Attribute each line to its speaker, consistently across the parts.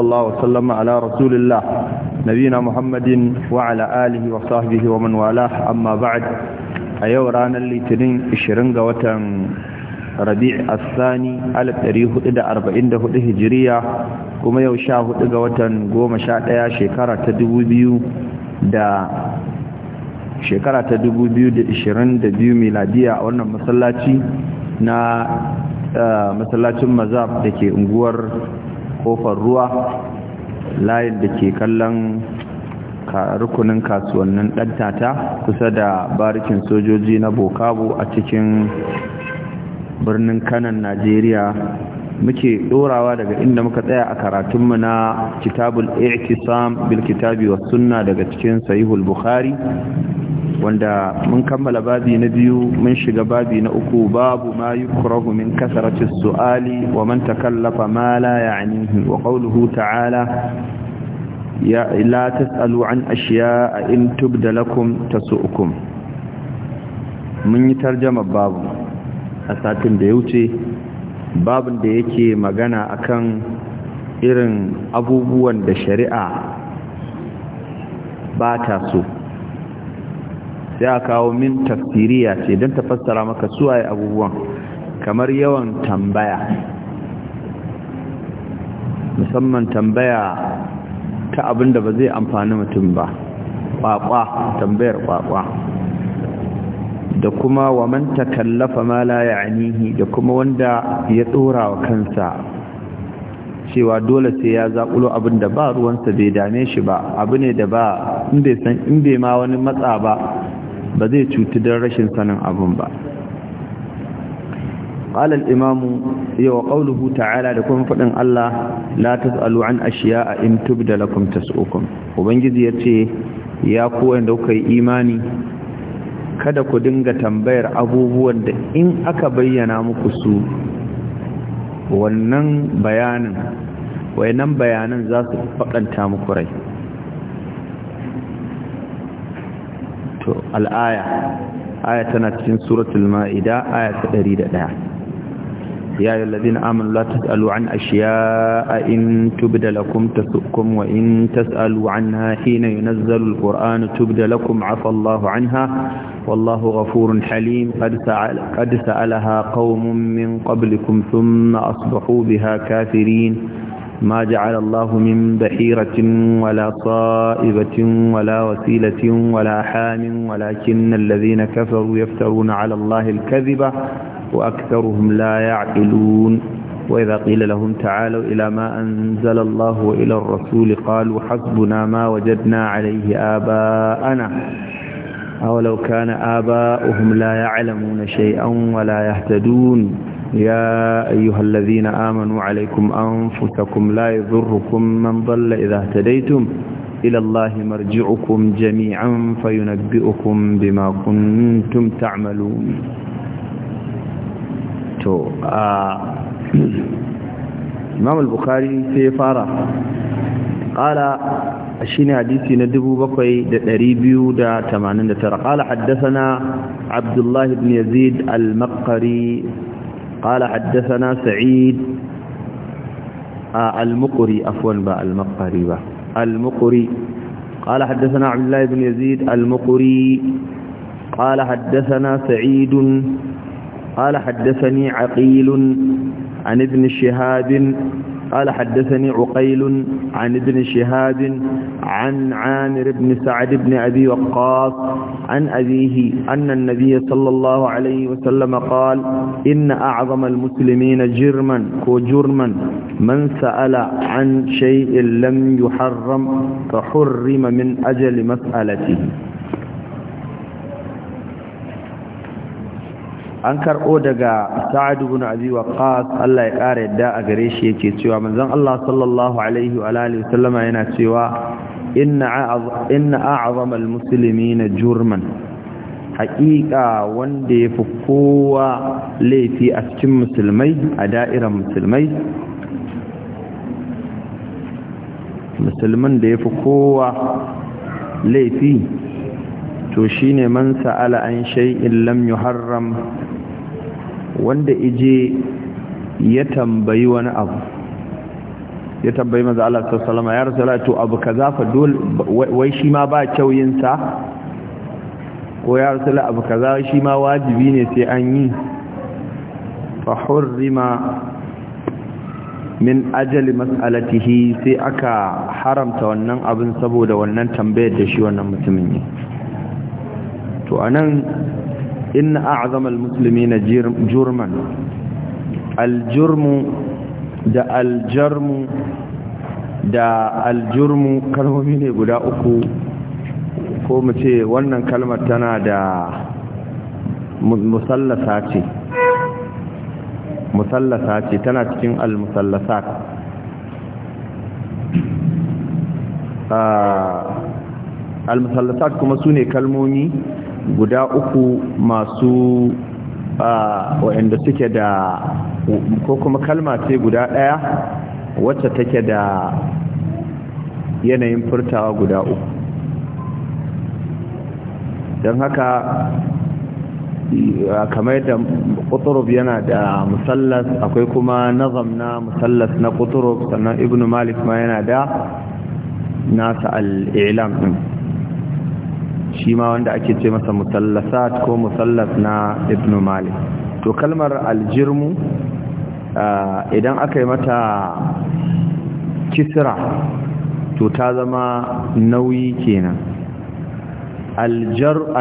Speaker 1: Aliusualu wa sallama alayhi wa rasulillah nabiyuna muhammadin wa cala'a alihi waqtabibihi wa munwala amma ba'ad a yau ranar Litinin ishirin ga watan rabi'us a sani hala ɗariya kuma yau sha ga watan goma sha shekara ta dubu biyu da ishirin da biyu miladiya a wannan masallacin maza da ke unguwar. kofar ruwa layin da ke kallon rukunin kasuwannin ɗantata kusa da barikin sojoji na bokabu a cikin birnin kanan najeriya muke ɗorawa daga inda muka tsaya a karatunmu na kitabul i'tisam bil kitabi was sunna daga cikin sahihul bukhari wanda mun kammala babi na biyu mun shiga babi na uku babu ma yukrahu min kasarati su'ali wa man takallafa ma la ya'nihi wa qawluhu ta'ala ya la tas'alu an ashiya'a in tubda lakum tasu'ukum mun yi tarjama babu a satin da ya wuce babin da yake magana akan irin abubuwan da shari'a ba ta so sai a kawo min tafsiriya ce don ta fassara maka suwaye abubuwan kamar yawan tambaya musamman tambaya ta abin da ba zai amfani mutum ba kwakwa tambayar kwakwa da kuma wa man takallafa ma la ya'nihi da kuma wanda ya dora wa kansa cewa dole sai ya zaƙulo abin ba ruwansa bai dame shi ba abu ne da ba inda bai san in bai ma wani matsa ba ba zai cuti don rashin sanin abin ba قال الإمام وقوله تعالى لكم فإن الله لا تسألوا عن أشياء إن تبدأ لكم تسؤكم وبنجزي يتي يا kuka yi إيماني kada ku dinga tambayar abubuwan da in aka bayyana muku su wannan wayannan bayanan za su faɗanta muku rai to al'aya aya tana cikin suratul ma'ida aya ta 101 ya ayyuhallazina amanu la tas'alu an ashiya'a in tubda lakum tasukum wa in tas'alu anha hina yunazzalu alqur'anu tubda lakum 'afa Allahu 'anha wallahu ghafurun halim qad sa'ala qad sa'alaha qaumun min qablikum thumma asbahu biha kafirin ما جعل الله من بحيرة ولا صائبة ولا وسيلة ولا حام ولكن الذين كفروا يفترون على الله الكذبة وأكثرهم لا يعقلون وإذا قيل لهم تعالوا إلى ما أنزل الله وإلى الرسول قالوا حسبنا ما وجدنا عليه آباءنا أولو كان آباؤهم لا يعلمون شيئا ولا يهتدون يا أيها الذين آمنوا عليكم أنفسكم لا يضركم من ضل إذا اهتديتم إلى الله مرجعكم جميعا فينبئكم بما كنتم تعملون تو إمام البخاري سيفارة قال الشين حديثي ندبو بقي دريبيو دا تمانين دا ترى قال حدثنا عبد الله بن يزيد المقري قال حدثنا سعيد آه، المقري عفوا با المقري با المقري قال حدثنا عبد الله بن يزيد المقري قال حدثنا سعيد قال حدثني عقيل عن ابن شهاب قال حدثني عقيل عن ابن شهاب عن عامر بن سعد بن أبي وقاص عن أبيه أن النبي صلى الله عليه وسلم قال إن أعظم المسلمين جرما وجرما من سأل عن شيء لم يحرم فحرم من أجل مسألته an karɓo daga sa'adu bin abi waqas Allah ya ƙara yadda a gare shi yake cewa manzon Allah sallallahu alaihi wa alihi sallama yana cewa inna inna a'zama almuslimina jurman haqiqa wanda yafi kowa laifi a cikin musulmai a da'iran musulmai musulman da yafi kowa laifi to shine man sa'ala an shay'in lam yuharram wanda ije ya tambayi wani abu ya tambayi maza Allah sassalama ya rasu to abu za fa dole wai shi ma ba kyauyinsa ko ya rasu abu kaza shi ma wajibi ne sai an yi fa min ajali mas'alatihi sai aka haramta wannan abin saboda wannan tambayar da shi wannan mutumin yi to anan Inna أعظم المسلمين na الجرم دا الجرم da aljurmu ne guda uku ko mu wannan kalmar tana da musallasa ce musallasa ce tana cikin almusallasat almusallasat kuma sune kalmomi guda uku masu waɗanda suke da ko kuma kalma ce guda ɗaya wacce take da yanayin furtawa guda uku don haka kamar da kuturub yana da musallas akwai kuma nazam na musallas na kuturub sannan ibn malik ma yana da nasa al'ilam ɗin shi ma wanda ake ce masa musallasat ko musallas na ibn malik to kalmar aljirmu idan aka yi mata kisra to ta zama nauyi kenan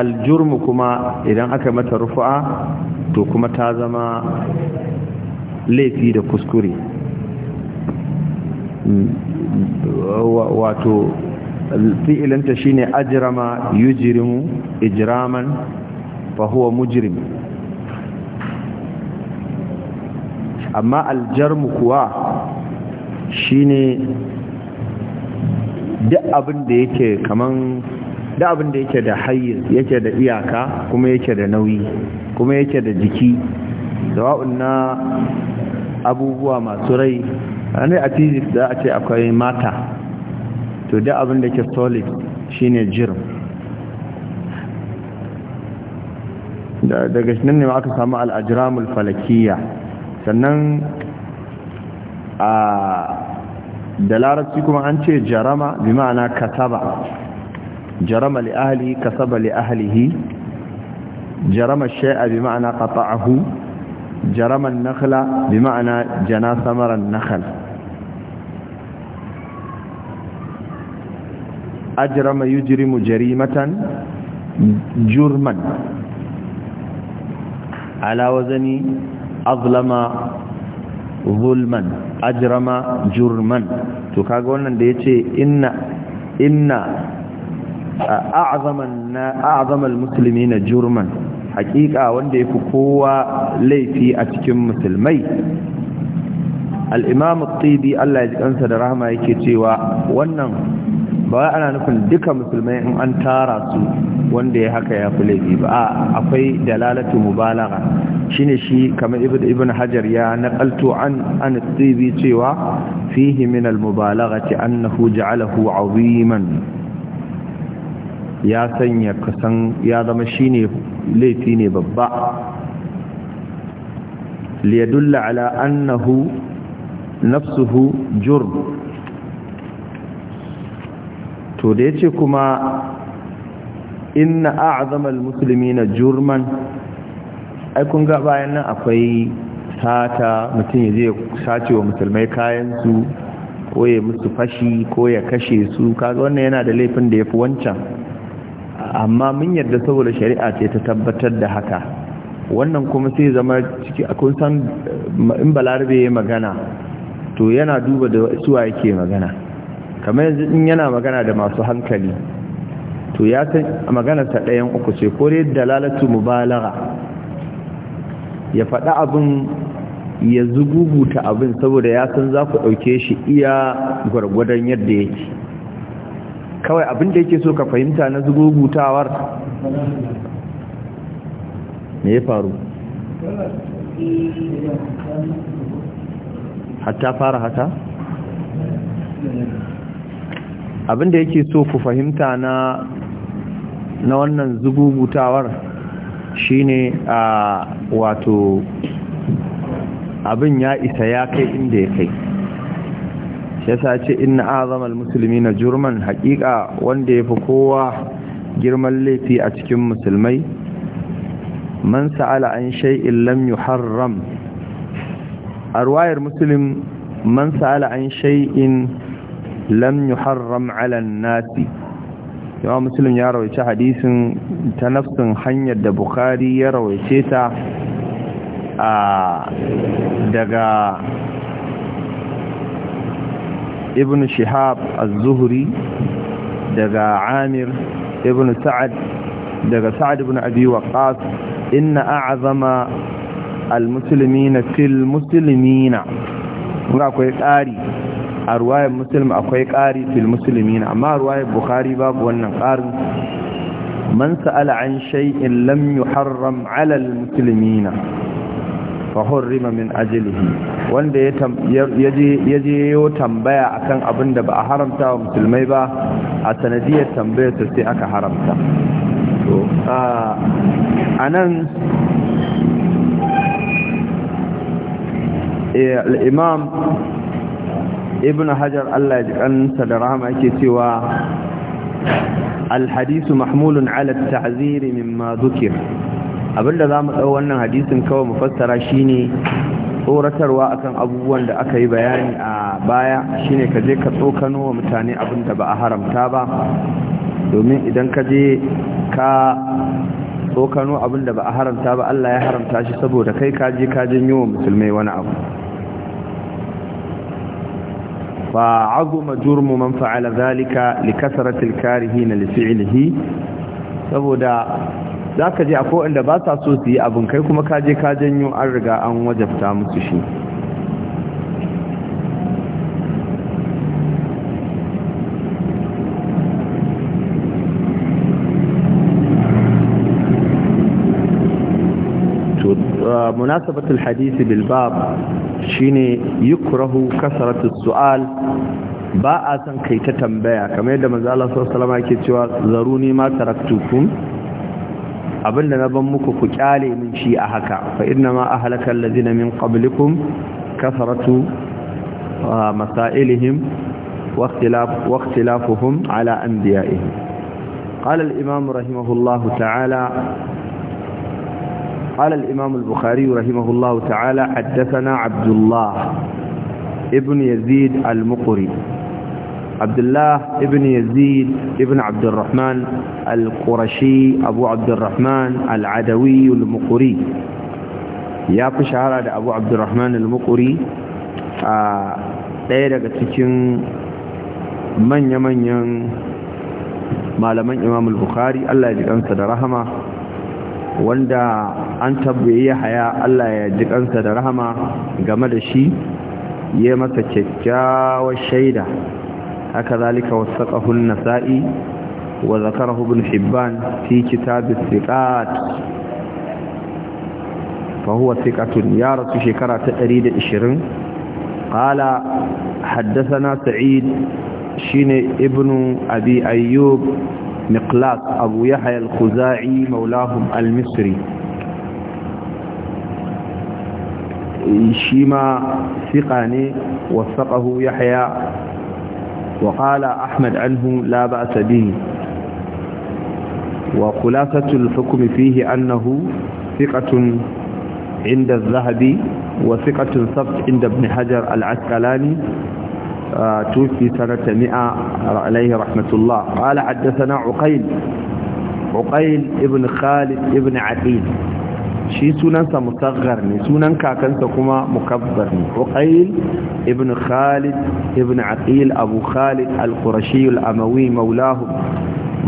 Speaker 1: aljirmu kuma idan aka yi mata rufu'a to kuma ta zama laifi da kuskure mm, wato fi'ilinta shi ne ajirama yujirimu ijiraman, fahuwa mujirim amma aljarmu kuwa shi duk da yake da abin da yake da yake da iyaka kuma yake da nauyi kuma yake da jiki zawa'un na abubuwa masu rai a ne a physics da a ce akwai mata to da abin da ke solid shine jirin daga shi ne aka samu al'ajiramul falakiya sannan a da larabci kuma an ce jarama bi ma'ana kataba jarama li ahli kasaba li ahalihi jarama shai'a bi ma'ana qata'ahu jarama an-nakhla bi ma'ana jana samaran nakhl ajrama yujrimu jarimatan jurman ala wazani azlama zulman ajrama jurman to kaga wannan da yace inna inna a'zama a'zama almuslimina jurman haqiqa wanda yafi kowa laifi a cikin musulmai al-imam at-tibi Allah ya ji kansa da rahama yake cewa wannan ba ana nufin duka musulmai in an tara su wanda ya haka ya fi laifi ba a akwai dalalatu mubalaga shine shi kamar ibn hajar ya naqaltu an an tsibi cewa fihi min al mubalaghati annahu ja'alahu aziman ya sanya kasan ya zama shine laifi ne babba liyadulla ala annahu nafsuhu jurm to da yace kuma inna Musulmi na jurman ai kun ga bayan nan akwai sata mutum ya je sace wa musulmai kayansu, su ko ya musu fashi ko ya kashe su kaga wannan yana da laifin da yafi wancan amma mun yarda saboda shari'a ce ta tabbatar da haka wannan kuma sai zama ciki kun san in balarabe ya magana to yana duba da suwa yake magana kamar yanzu in yana magana da masu hankali to ya san maganarsa ɗayan uku ce ko dai dalalatu mubalagha ya faɗi abin ya zugubuta abin saboda ya san za ku ɗauke shi iya gwargwadon yadda yake kawai abin da yake so ka fahimta na zugubutawar me ya faru hatta fara hata abinda yake so ku fahimta na na wannan zugugutawar shine a wato abin ya isa ya kai inda ya kai shi yasa ce inna azamal musulmi na jurman hakika wanda ya fi kowa girman laifi a cikin musulmai man sa'ala an shay'in lam yuharram a ruwayar muslim man sa'ala an shay'in lam yuharram ala nasi yawa musulun ya rawaice hadisin ta nafsin hanyar da bukari ya rawaice ta daga ibn shihab az-zuhri daga amir ibn sa'ad daga sa'ad ibn abi waqas inna a'zama al-muslimina fil muslimina ga akwai tsari a ruwayar musulmi akwai ƙari fil na amma ruwayar bukari babu wannan ƙarin man sa'ala an shay'in lam yuharram 'ala al-muslimina fa hurrima min ajlihi wanda ya yaje yaje yo tambaya akan abin da ba a haramta wa musulmai ba a sanadiyar tambayar ta sai aka haramta to anan eh, al ibn hajar allah ya kansa da rahama yake cewa alhadisu mahmulun ala ta'ziri mimma abinda za mu ɗau wannan hadisin kawai mu fassara shine tsoratarwa akan abubuwan da aka yi bayani a baya shine ka je ka tsokano wa mutane abin da ba a haramta ba domin idan ka je ka tsokano abin da ba a haramta ba Allah ya haramta shi saboda kai ka je ka janyo wa musulmai wani abu فعظم جرم من فعل ذلك لكثرة الكارهين لفعله saboda zaka je akwai inda ba ta so su yi abin kai kuma ka je ka janyo an riga an wajabta musu shi ومناسبة الحديث بالباب شيني يكره كسرة السؤال باء سن كي تتنبيع كما يدى من ذا الله صلى الله عليه وسلم يكتوى ما تركتوكم أبنى نبمك كتالي من شيء أهكا فإنما أهلك الذين من قبلكم كثرة آه، مسائلهم واختلاف واختلافهم على أنبيائهم قال الإمام رحمه الله تعالى قال الإمام البخاري رحمه الله تعالى حدثنا عبد الله ابن يزيد المقري عبد الله ابن يزيد ابن عبد الرحمن القرشي أبو عبد الرحمن العدوي المقري ya fi shahara da abu abdurrahman al-mukuri a ɗaya daga cikin manya-manyan malaman imam al-bukhari allah ya ji da rahama wanda an tabbaye haya Allah ya ji kansa da rahama game da shi ya masa kyakkyawar shaida haka zalika wasaqahu nasai wa zakarahu ibn hibban fi kitab as-siqat fa huwa thiqatun ya rasu shekara ta 120 qala haddathana sa'id shine ibnu abi ayyub miqlas abu yahya al-khuza'i mawlahum al shi ma fiƙa ne wasaƙahu ya haya wa ƙala ahmad anhu la ba a wa kula satul hukumi fihi annahu fiƙatun inda zahabi wa fiƙatun saft inda bin hajjar al'askalani tufi sanata mi'a alaihi rahmatullah ƙala haddasa na uƙail ibn khalid ibn aqil shi sunansa musaggar ne sunan kakansa kuma mukabbar ne uqail ibn khalid ibn aqil abu khalid al-qurashi al-amawi maulahu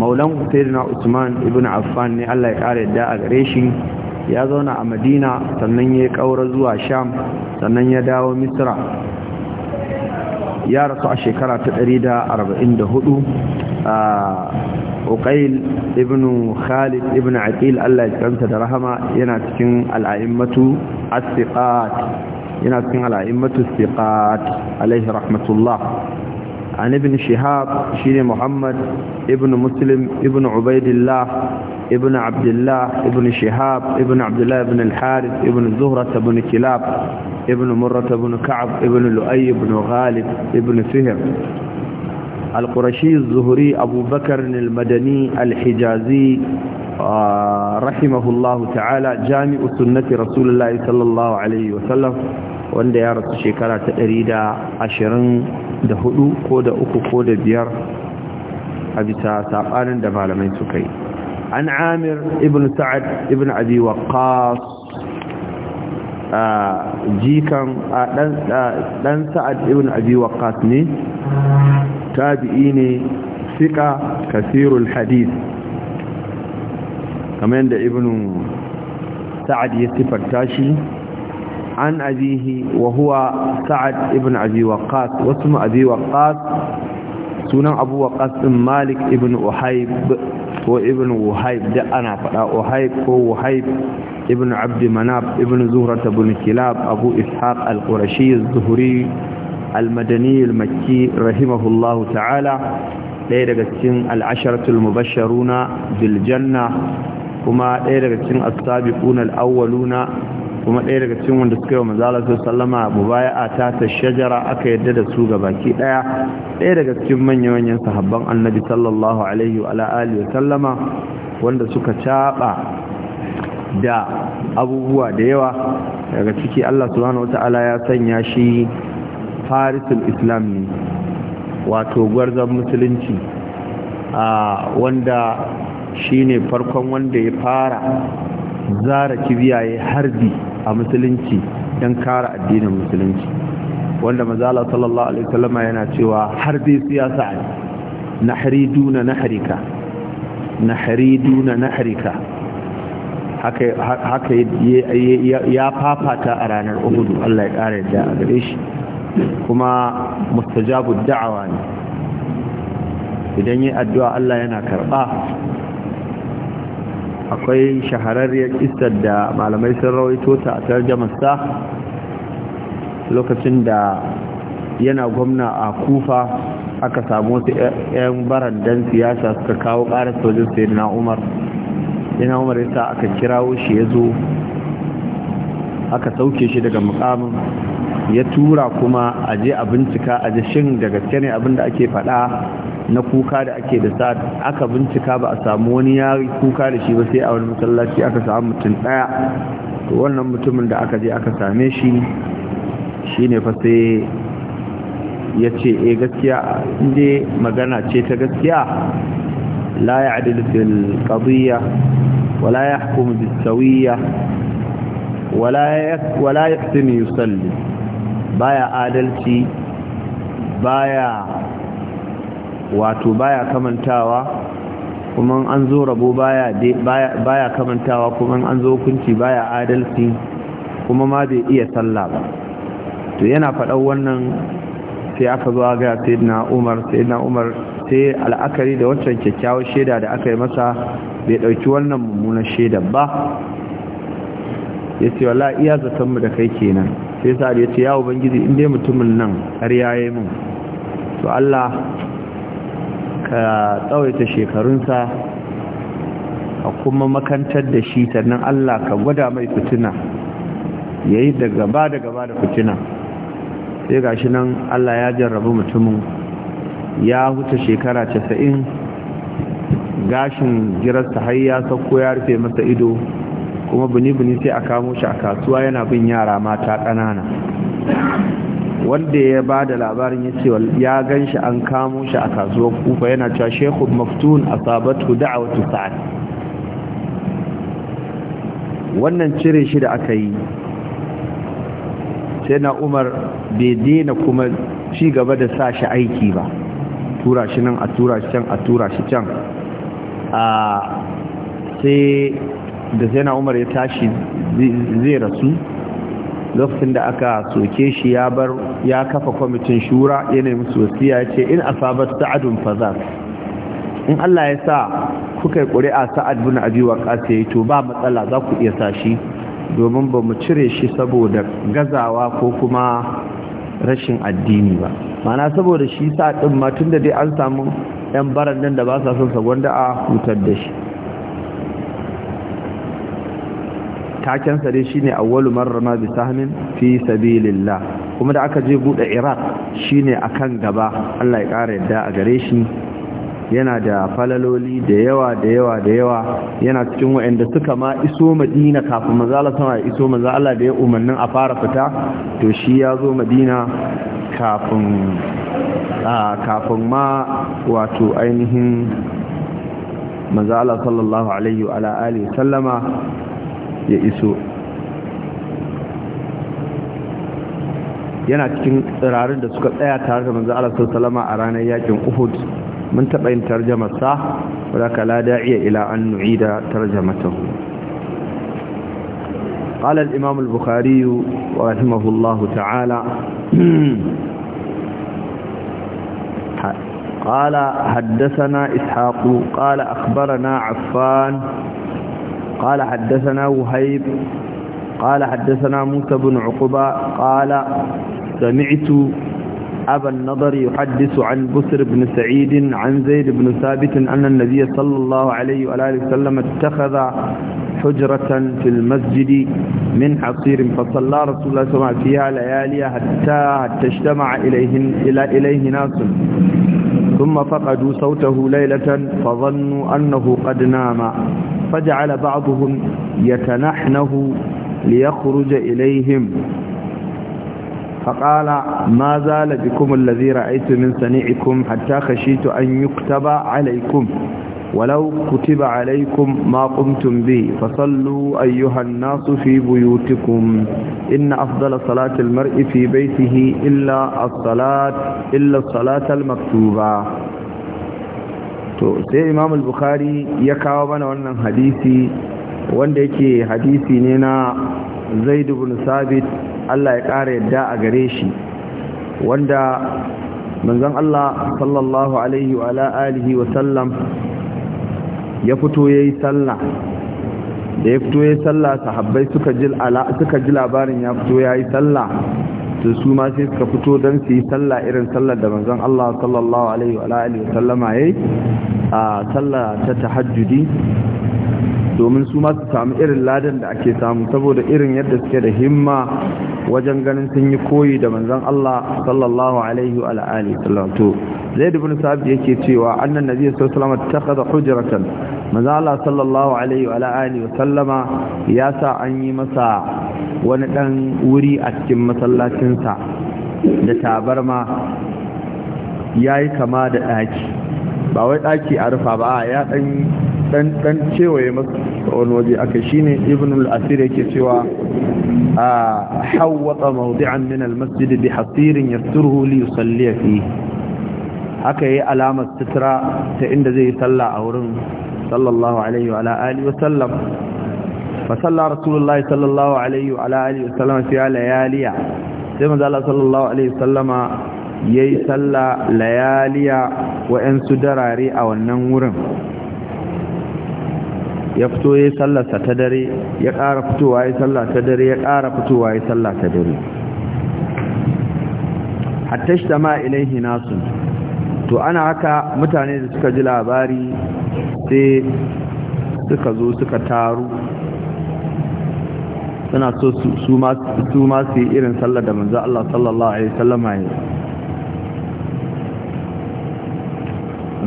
Speaker 1: maulan sayyidina usman ibn affan ne Allah ya kare da a gare shi ya zauna a madina sannan ya kaura zuwa sham sannan ya dawo misra ya rasu a shekara ta 144 uqail ibn khalid ibn aqil Allah ya tsanta da rahama yana cikin al'a'immatu as-siqat yana cikin al'a'immatu as-siqat alaihi rahmatullah an ibn shihab shine muhammad ibn muslim ibn ubaidillah ibn abdullah ibn shihab ibn abdullah ibn al-harith ibn zuhra ibn kilab ibn murra ibn ka'b ibn lu'ay ibn ghalib ibn fihr القرشي الزهري أبو بكر المدني الحجازي رحمه الله تعالى جامع سنة رسول الله صلى الله عليه وسلم wanda ya rasu shekara ta ɗari da ashirin da hudu ko da uku ko da biyar a bisa da malamai suka yi an amir ibn sa'ad ibn abi waqas uh, jikan uh, uh, ɗan sa'ad ibn abi waqas ne tabi'i ne sika kasirul hadith kamar yadda ibn sa'ad ya sifarta shi an abihi wa huwa sa'ad ibn abi waqqas wasu abi waqqas sunan abu waqqas din malik ibn uhayb ko ibn uhayb da ana fada uhayb ko uhayb ibn abd manaf ibn zuhra ibn kilab abu ishaq al-qurashi az-zuhri al-madani al-makki ta'ala ɗaya daga cikin al'asharatul asharatul mubashsharuna bil kuma ɗaya daga cikin as-sabiqun al kuma ɗaya daga cikin wanda suka yi wa manzala su sallama mubaya'a ta ta shajara aka yadda da su gabaki ɗaya ɗaya daga cikin manya-manyan sahabban annabi sallallahu alaihi wa alaali wa sallama wanda suka caɓa da abubuwa da yawa daga ciki Allah subhanahu wata'ala ya sanya shi harisul islam ne wato gwarzon musulunci a wanda shine farkon wanda ya fara zara ya harbi a musulunci don kara addinin musulunci wanda mazala sallallahu alaihi wasallama yana cewa harbi siyasa ne na duna nahrika na duna harika haka ya fafata a ranar uhudu allah ya kara yadda a gare shi kuma mustajabu da'awa ne idan yi addu'a Allah yana karɓa akwai shahararriyar istar da malamai sun rawaito ta a sa lokacin da yana gwamna a kufa aka samu wasu 'yan barandan siyasa suka kawo ƙarar sojin sayi na umar yana umar yasa aka kirawo shi ya aka sauke shi daga mukamin ya tura kuma a je a bincika a ji shin da gaske ne abin da ake faɗa na kuka da ake da sa aka bincika ba a samu wani ya kuka da shi ba sai a wani masallaci aka samu mutum ɗaya to wannan mutumin da aka je aka same shi shi ne fa sai ya ce e gaskiya inda magana ce ta gaskiya la ya adilu fil qadiyya wala ya hukumu bisawiyya wala ya wala yusalli baya adalci baya wato baya kamantawa kuma an zo rabo baya baya kamantawa kuma an zo hukunci baya adalci kuma ma bai iya sallah ba to yana faɗan wannan sai aka zo ga sayyidina Umar sayyidina Umar sai al'akari da wancan kyakkyawar shaida da aka yi masa bai dauki wannan mummunan shaida ba yace wallahi iya zaton mu da kai kenan sai sa'ad ya ce yawon ubangiji in dai mutumin nan har yi mun to Allah ka tsawaita shekarunsa a kuma makantar da shi sannan Allah ka gwada mai fitina yayi da gaba da gaba da fitina sai gashi nan Allah ya jarrabu mutumin ya huta shekara casa'in gashin jirarsa har ya sauko ya rufe masa ido kuma bini-bini sai a kamo shi a kasuwa yana bin yara mata ƙanana wanda ya ba da labarin ya ya ganshi an kamo shi a kasuwar kufa yana cewa shekhu maftun a sabatu wata sa'ad wannan cire shi da aka yi sai na umar bai daina kuma ci gaba da sa shi aiki ba tura shi nan a tura shi can a tura shi can a ah, sai da na umar ya tashi zai rasu lokacin da aka soke shi ya bar ya kafa kwamitin shura yanayi musu wasiya ya ce in asabar sa'adun fazar in Allah ya sa kuka yi ƙuri'a sa'ad bin abi waqas ya to ba matsala za ku iya shi domin ba mu cire shi saboda gazawa ko kuma rashin addini ba mana saboda shi sa matunda ma da dai an samu yan baran da ba sa son sa gwanda a hutar da shi taken sa dai shine awwalu marrama bi sahmin fi sabilillah kuma da aka je bude iraq shine akan gaba Allah ya kara yadda a gare shi yana da falaloli da yawa da yawa da yawa yana cikin waɗanda suka ma iso madina kafin mazala sama ya iso maza Allah da ya umarnin a fara fita to shi ya zo madina kafin kafin ma wato ainihin maza Allah sallallahu alaihi wa alihi sallama ya iso yana cikin tsirarin da suka tsaya tare da manzo Allah sallama a ranar yakin Uhud mun taɓa yin tarjamar sa wadda la da'iya ila an nu'ida tarjamatan قال الإمام البخاري رحمه الله تعالى قال حدثنا إسحاق قال أخبرنا عفان قال حدثنا وهيب قال حدثنا موسى بن عقبة قال سمعت أبا النضر يحدث عن بسر بن سعيد عن زيد بن ثابت أن النبي صلى الله عليه وآله وسلم اتخذ حجرة في المسجد من حصير فصلى رسول الله صلى الله عليه وسلم فيها ليالي حتى تجتمع إليهن إلى إليه ناس ثم فقدوا صوته ليلة فظنوا أنه قد نام فجعل بعضهم يتنحنه ليخرج إليهم فقال ما زال بكم الذي رأيت من صنيعكم حتى خشيت أن يكتب عليكم ولو كتب عليكم ما قمتم به فصلوا أيها الناس في بيوتكم إن أفضل صلاة المرء في بيته إلا الصلاة, إلا الصلاة المكتوبة to sai imam al-bukhari ya kawo mana wannan hadisi wanda yake hadisi ne na zaid ibn sabit Allah ya kare yadda a gare shi wanda manzon Allah sallallahu alaihi wa alihi wa sallam ya fito yayi sallah da ya fito yayi sallah sahabbai suka ji suka ji labarin ya fito yayi sallah to su ma sai suka fito dan su yi sallah irin sallar da manzon Allah sallallahu alaihi wa alihi wa sallama yayi a sallah ta tahajjudi domin su masu samu irin ladan da ake samu saboda irin yadda suke da himma wajen ganin sun yi koyi da manzon Allah sallallahu alaihi wa alihi sallam to zaid ibn sa'id yake cewa annan nabi sallallahu alaihi wasallam hujratan manzon Allah sallallahu alaihi wa alihi sallama ya sa an yi masa wani dan wuri a cikin masallacin sa da tabarma yayi kama da daki ba wai ɗaki a rufa ba ya ɗan dan dan cewaye masa wani waje aka shine ibn al-asir yake cewa a hawwata mawdi'an min al-masjid bi hasirin yasturuhu li yusalli fi haka yi alamar sitra ta inda zai salla a wurin sallallahu alaihi wa ala alihi wa sallam fa salla rasulullah sallallahu alaihi wa ala alihi wa sallam fi layaliya sai manzo Allah sallallahu alaihi wa sallama ya yi sallah layaliya wa'yansu darare a wannan wurin ya fito ya yi sallarsa ta dare ya ƙara fitowa ya sallah ta dare ya ƙara fitowa ya sallah ta dare a shi tama ilaihi nasu to ana haka mutane da suka ji labari sai suka zo suka taru suna so su masu yi irin sallar da manzo Allah sallallahu alaihi wasallama ya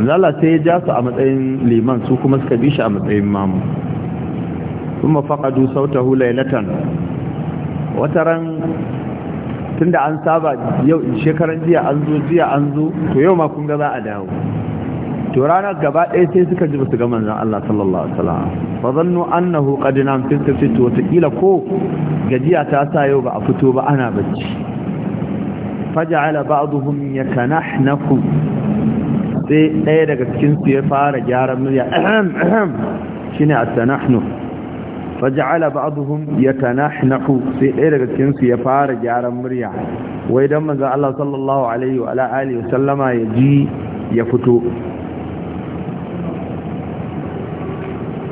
Speaker 1: zala sai ya ja su a matsayin liman su kuma suka bi shi a matsayin mamu kuma faƙadu sautahu lailatan wata ran tun da an saba yau shekaran jiya an zo jiya an zo to yau ma kun ga za a dawo to ranar gaba ɗaya sai suka ji su ga manzon Allah sallallahu alaihi wasallam fa zannu annahu qad nam fi sirri to takila ko gajiya ta sa yau ba a fito ba ana bacci faja'ala ba'dhum yakanahnafu sai ɗaya daga cikinsu ya fara gyaran murya shi ne a tanahnu faja'ala ba'aduhum ya tanahnahu sai ɗaya daga cikinsu ya fara gyaran murya wai don maza Allah sallallahu alaihi wa wa sallama ya ji ya fito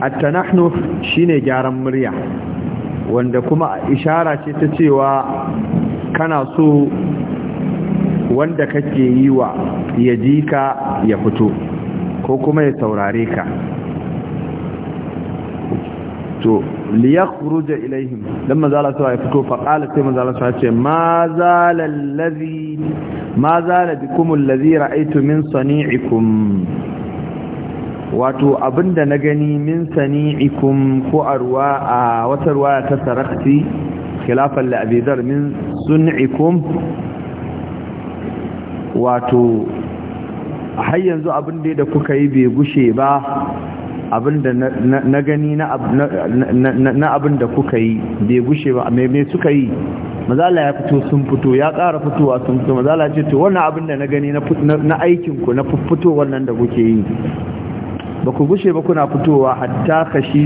Speaker 1: a tanahnu shi ne gyaran murya wanda kuma ishara ce ta cewa kana so wanda kake yi wa ya ji ka ya fito ko kuma ya saurare ka to liyakhruja ilaihim dan mazala sa ya fito fa qala sai mazala sa ce ma zala allazi kuma zala bikum allazi ra'aytu min sani'ikum wato abinda na gani min sani'ikum ko arwa a wata ruwa ta sarakti khilafan li abi dar min sun'ikum wato har yanzu abin da da kuka yi bai gushe ba abin da na gani na abin da kuka yi bai gushe ba mai suka yi mazala ya fito sun fito ya ƙara fitowa sun fito mazala ce to wannan abin da na gani na aikinku na fito wannan da kuke yi ba ku gushe ba kuna fitowa hatta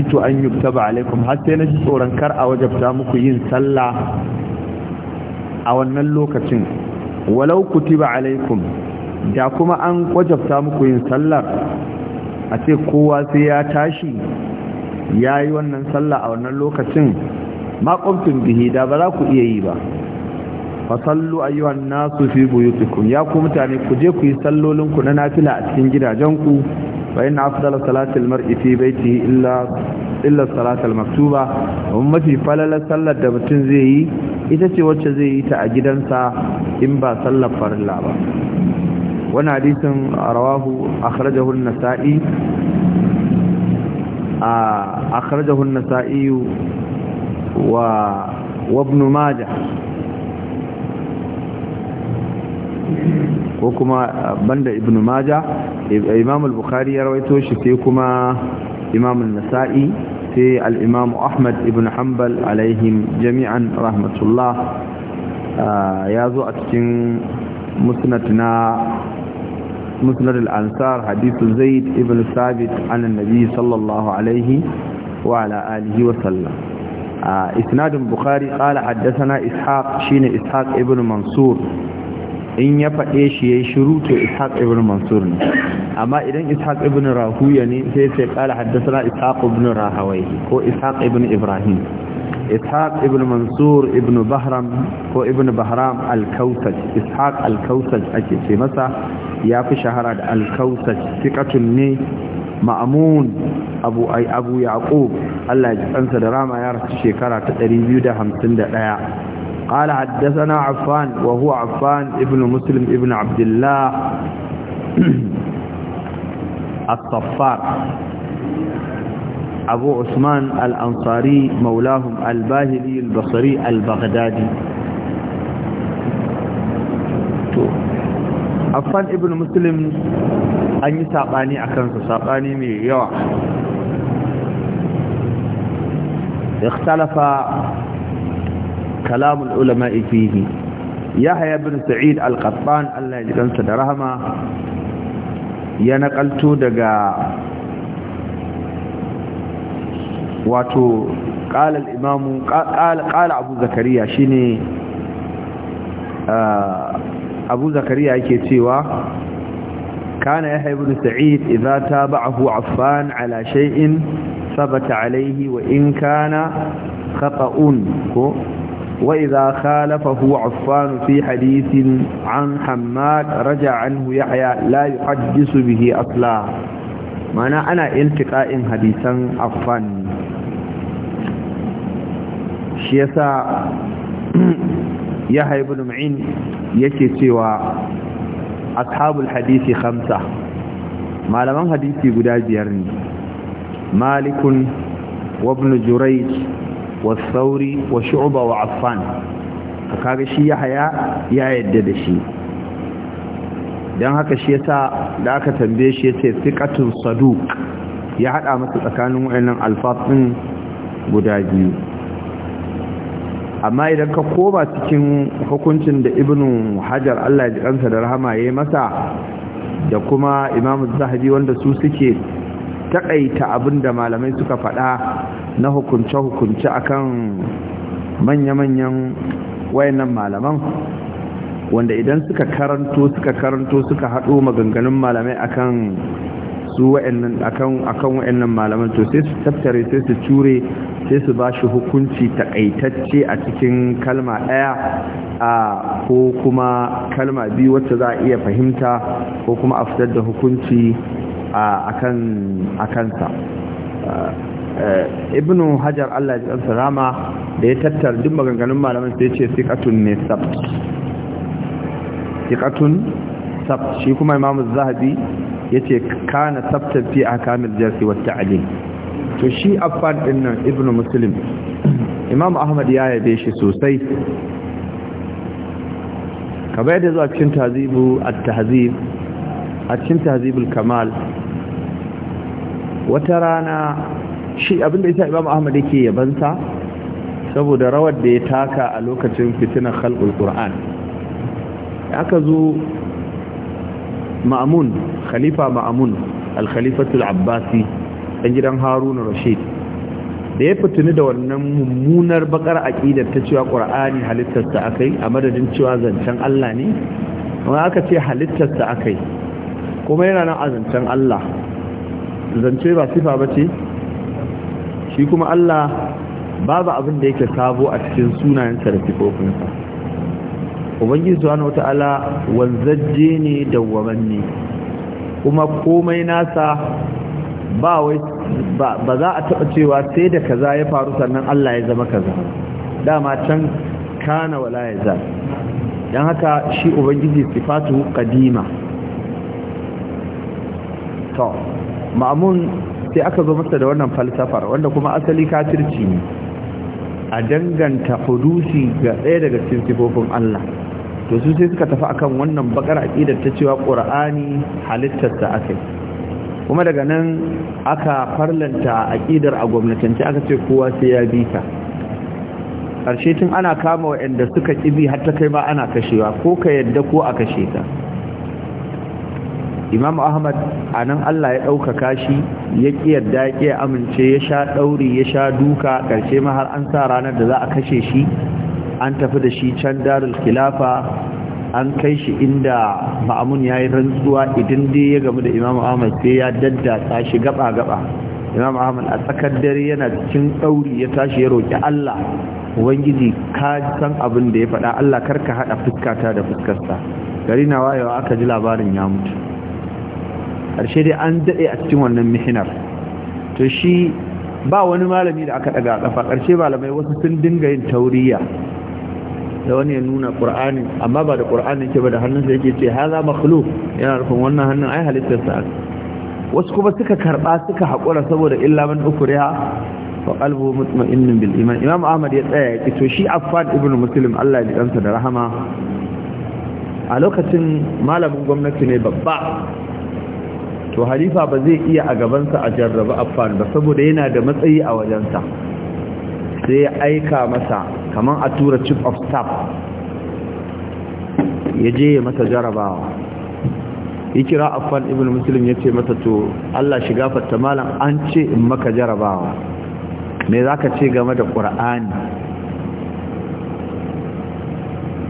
Speaker 1: to an ba alaikum har sai na shi tsoron kar a wajabta muku yin sallah a wannan lokacin walau ba alaikum da kuma an kwajabta muku yin sallar a ce kowa sai ya tashi ya yi wannan sallar a wannan lokacin makwabtun bihi da ba za ku iya yi ba fasallu ayyuan nasu fi buyutikum ya ku mutane ku je ku yi sallolin ku na nafila a cikin gidajenku bayan na afdala salati almar'i fi baitihi illa illa salatul maktuba amma mafi falalar sallar da mutum zai yi ita ce wacce zai yi ta a gidansa in ba sallar farilla ba wani hadisin rawahu akhrajahu an-nasa'i a akhrajahu an-nasa'i wa wa ko kuma banda ibn majah imam al-bukhari ya rawaito shi sai kuma imam nasa'i sai al'imamu ahmad ibn hanbal alaihim jami'an rahmatullah ah, ya zo a cikin musnad al'ansar hadithu zaid ibn sabit anan nabi sallallahu alaihi wa ala alihi ah, isnadin bukari kala haddasa na ishaq shine ishaq ibn mansur in ya faɗe shi yayi shiru to ishaq ibn mansur ne amma idan ishaq ibn rahuya ne sai sai haddasa na ishaq ibn rahawai ko ishaq ibn ibrahim ishaq ibn mansur ibn bahram ko ibn bahram al-kautsaj ishaq al ake ce masa ya fi shahara da al-kautsaj ne ma'amun abu ai abu yaqub Allah ya ji kansa da rama ya rasu shekara ta 251 قال حدثنا عفان وهو عفان ابن مسلم ابن عبد الله الصفار أبو عثمان الأنصاري مولاهم الباهلي البصري البغدادي عفان ابن مسلم أن يساقاني أكرمت ساقاني من يوع اختلف كلام العلماء فيه يحيى بن سعيد القطان الله يجزاه da rahama ya nakalto daga wato qala abu zakariya shine abu zakariya yake cewa kana yahya ibn sa'id idza abu affan ala shay'in thabata alayhi wa in kana khata'un ko وإذا خالفه عفان في حديث عن حماد رجع عنه يحيى لا يحدث به أصلا معنى أنا انتقاء حديثا عفان شيسا يحيى بن معين يكي سوى أصحاب الحديث خمسة ما لمن حديثي قداجي مالك وابن جريج wa والثوري wa وعفان kaga shi ya haya ya yadda da shi don haka shi sa da aka tambaye shi yace thiqatun saduk ya hada masa tsakanin wayannan alfafin guda biyu amma idan ka koma cikin hukuncin da ibnu hajar Allah ya ji da rahama ya yi masa da kuma imamu zahabi wanda su suke takaita abinda malamai suka faɗa na hukunce-hukunce akan manya-manyan wayannan malaman wanda idan suka karanto suka karanto suka haɗo maganganun malamai akan su wa'annan akan akan malaman to sai su tattare sai su ture sai su bashi hukunci takaitacce a cikin kalma ɗaya a ko kuma kalma biyu wacce za a iya fahimta ko kuma a fitar da hukunci a akan Eh, ibnu hajar allah ya tsansa rama da ya tattar duk maganganun malaman sai ce sikatun ne sabt sikatun sabt shi kuma imamu zahabi ya ce kana sabtar fi a kamil jarsi wata alim to shi affan ɗin nan ibnu musulun imam ahmad ya yabe shi sosai kamar yadda zuwa cikin tazibu at-tahzib a cikin tazibul kamal wata rana shi abinda isa imam ahmad yake yabansa saboda rawar da ya taka a lokacin fitinar khalqul qur'an aka zo ma'amun khalifa ma'amun al abbasi dan gidan harun rashid da ya fitini da wannan mummunar bakar ƙidar ta cewa ƙur'ani halittarsa aka yi a madadin cewa zancen Allah ne wani aka ce halittarsa aka kuma yana nan a zancen Allah zance ba sifa ba ce shi kuma Allah babu abin da yake sabo a cikin sunayensa da sifofinsa ubangiji na wata'ala wanzajje ne dawwamanne kuma komai nasa ba wai ba za a taɓa cewa sai da kaza ya faru sannan Allah ya zama kaza dama can kana wala ya za don haka shi ubangiji sifatu kadima ma'amun sai aka zo masa da wannan falsafar wanda kuma asali kafirci ne a danganta hudusi ga ɗaya daga cikin sifofin Allah to su sai suka tafi akan wannan bakar aqidar ta cewa qur'ani halittarsa ta kuma daga nan aka farlanta aqidar a gwamnatance aka ce kowa sai ya bi ta ƙarshe tun ana kama wa'anda suka kibi har ta kai ba ana kashewa ko ka yadda ko a kashe ta imam ahmad a nan allah ya ɗaukaka shi ya yarda ya amince ya sha ɗauri ya sha duka ƙarshe ma har an sa ranar da za a kashe shi an tafi da shi can darul khilafa an kai shi inda ma'amun ya yi rantsuwa idan dai ya gamu da imam ahmad sai ya ta shi gaba-gaba imam ahmad a tsakar dare yana cikin ɗauri ya tashi ya roƙi allah ubangiji ka san abin da ya faɗa allah karka haɗa fuskata da fuskarsa gari na wayewa aka ji labarin ya mutu ƙarshe dai an daɗe a cikin wannan mihinar to shi ba wani malami da aka daga kafa ƙarshe malamai wasu sun dinga yin tauriya da wani ya nuna ƙur'ani amma ba da ƙur'ani ke ba da hannunsa yake ce haza makhluk yana rufin wannan hannun ai sa'ad. wasu kuma suka karɓa suka haƙura saboda illa man ukuriha wa qalbu mutma'innin bil iman imam ahmad ya tsaya ya ce. to shi affan ibn muslim Allah ya ji da rahama a lokacin malamin gwamnati ne babba to halifa ba zai iya a gabansa a jarraba affan ba saboda yana da matsayi a wajensa sai ya aika masa kamar a tura chief of staff ya je ya masa jarabawa ya kira affan ibn muslim ya ce masa to allah shiga fatta malam an ce in maka jarabawa me za ka ce game da ƙura'ani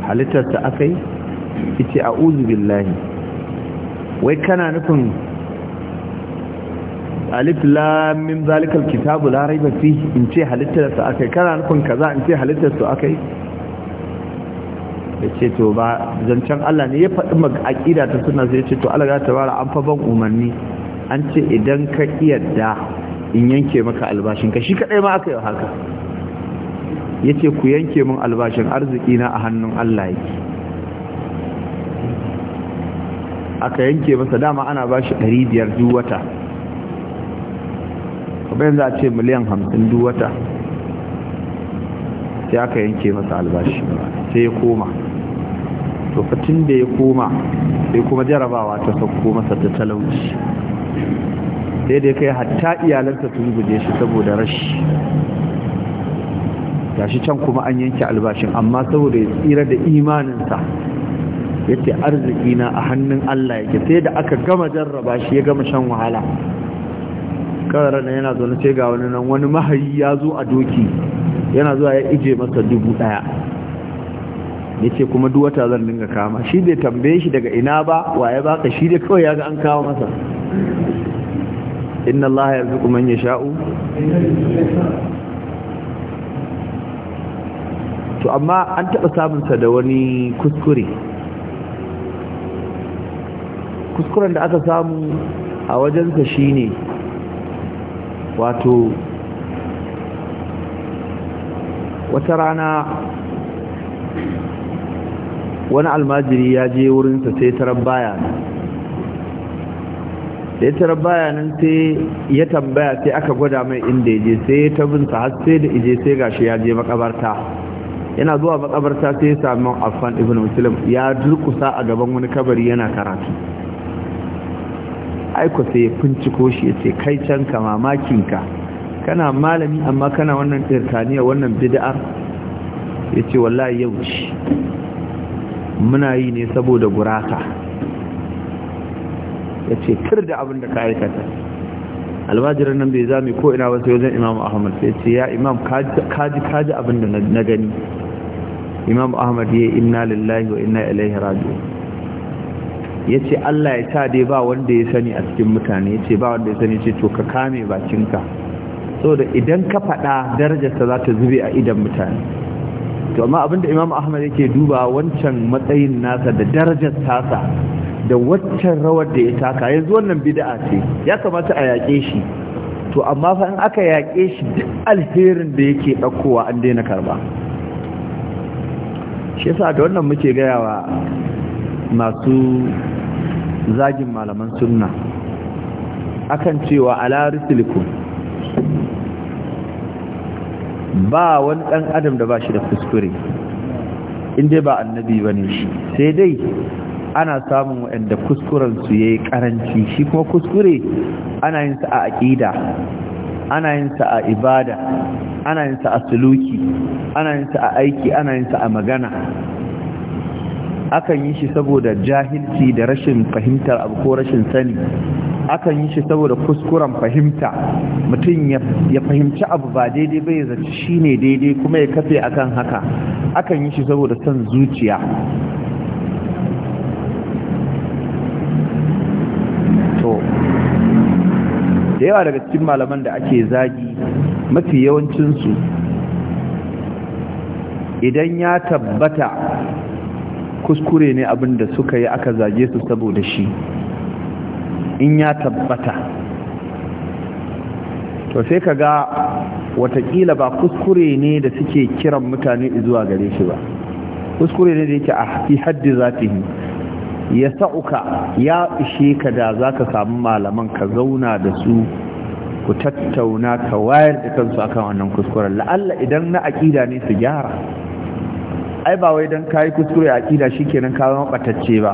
Speaker 1: halittarsa aka yi ita a billahi wai kana nufin alif lam min zalikal kitabu la rayba fi in ce da su akai kana nufin kaza in ce halitta su akai ya ce to ba zancan Allah ne ya faɗi aƙida ta suna sai ya ce to Allah ya tabara an fa ban umarni an ce idan ka iyadda in yanke maka albashin ka shi kadai ma aka yi haka yace ku yanke min albashin arziki na a hannun Allah yake aka yanke masa dama ana bashi 500 duk wata kuma yanzu a ce miliyan hamsin duk wata ya ka yanke masa albashi sai ya koma to da ya koma sai kuma jarabawa ta sauko masa ta talauci sai da ya kai hatta iyalansa sun guje shi saboda rashi shi can kuma an yanke albashin amma saboda ya tsira da imaninsa ya ce arziki na a hannun Allah yake sai da aka gama jarraba shi ya gama shan wahala kawai nan yana zaune ce ga wani nan wani mahari ya zo a doki yana zuwa ya ije masa dubu daya ya ce kuma duwata zan dinga kama shi bai tambaye shi daga ina ba wa ya baka shi dai kawai ya ga an kawo masa inna ya zuku manya shau to amma an taɓa samunsa da wani kuskure kuskuren da aka samu a wajensa shine wato wata rana wani almajiri ya je wurinsa sai tarar baya da ya tarar baya nan sai ya tambaya sai aka gwada mai inda ya je sai ya tabinsa har sai da ije sai gashi ya je makabarta yana zuwa makabarta sai ya sami afan ibn muslim ya durkusa a gaban wani kabari yana karatu aiko sai ya finciko shi ya ce kai mamakin ka kana malami amma kana wannan tsirkaniya wannan bid'a ya ce wallahi yau ce muna yi ne saboda gurata ya ce tur da abin da ka aikata albajirar nan bai zami ko ina wasu wajen imam ahmad sai ce ya imam kaji kaji abin da na gani imam ahmad ya yi inna lillahi wa inna ilaihi raji'un ya ce Allah ya sa dai ba wanda ya sani a cikin mutane ya ce ba wanda ya sani ce to ka kame bakinka saboda idan ka faɗa darajarsa za ta zube a idan mutane to amma abinda imam ahmad yake duba wancan matsayin nasa da darajar tasa da waccan rawar da ya taka yanzu wannan bid'a ce ya kamata a yaƙe shi to amma fa in aka yaƙe shi duk alherin da yake ɗaukowa an daina karba shi yasa da wannan muke gaya wa masu zagin malaman sunna akan cewa ala risilikum ba wani ɗan adam da ba shi da kuskure in dai ba annabi ba ne sai dai ana samun waɗanda kuskurensu ya yi ƙaranci shi kuma kuskure ana yin sa a aƙida ana yin sa a ibada ana yin sa a suluki ana yin sa a aiki ana yin sa a magana akan yi shi saboda jahilci da rashin fahimtar abu ko rashin sani akan yi shi saboda kuskuren fahimta mutum ya fahimci abu ba daidai bai zaci shi ne daidai kuma ya kafe akan haka akan yi shi saboda son zuciya to da yawa daga cikin malaman da ake zagi mafi yawancinsu idan ya tabbata kuskure ne abin da suka yi aka zage su saboda shi in ya tabbata to sai ka ga watakila ba kuskure ne da suke kiran mutane zuwa gare shi ba kuskure ne da yake a fi haddi yi. ya sa'uka ya ishe ka da za ka samu malaman ka zauna da su ku tattauna ka wayar da kansu akan wannan kuskuren la'alla idan na aƙida ne su gyara ai ba wai don kayi kuskure a kila shi kenan kawo makatacce ba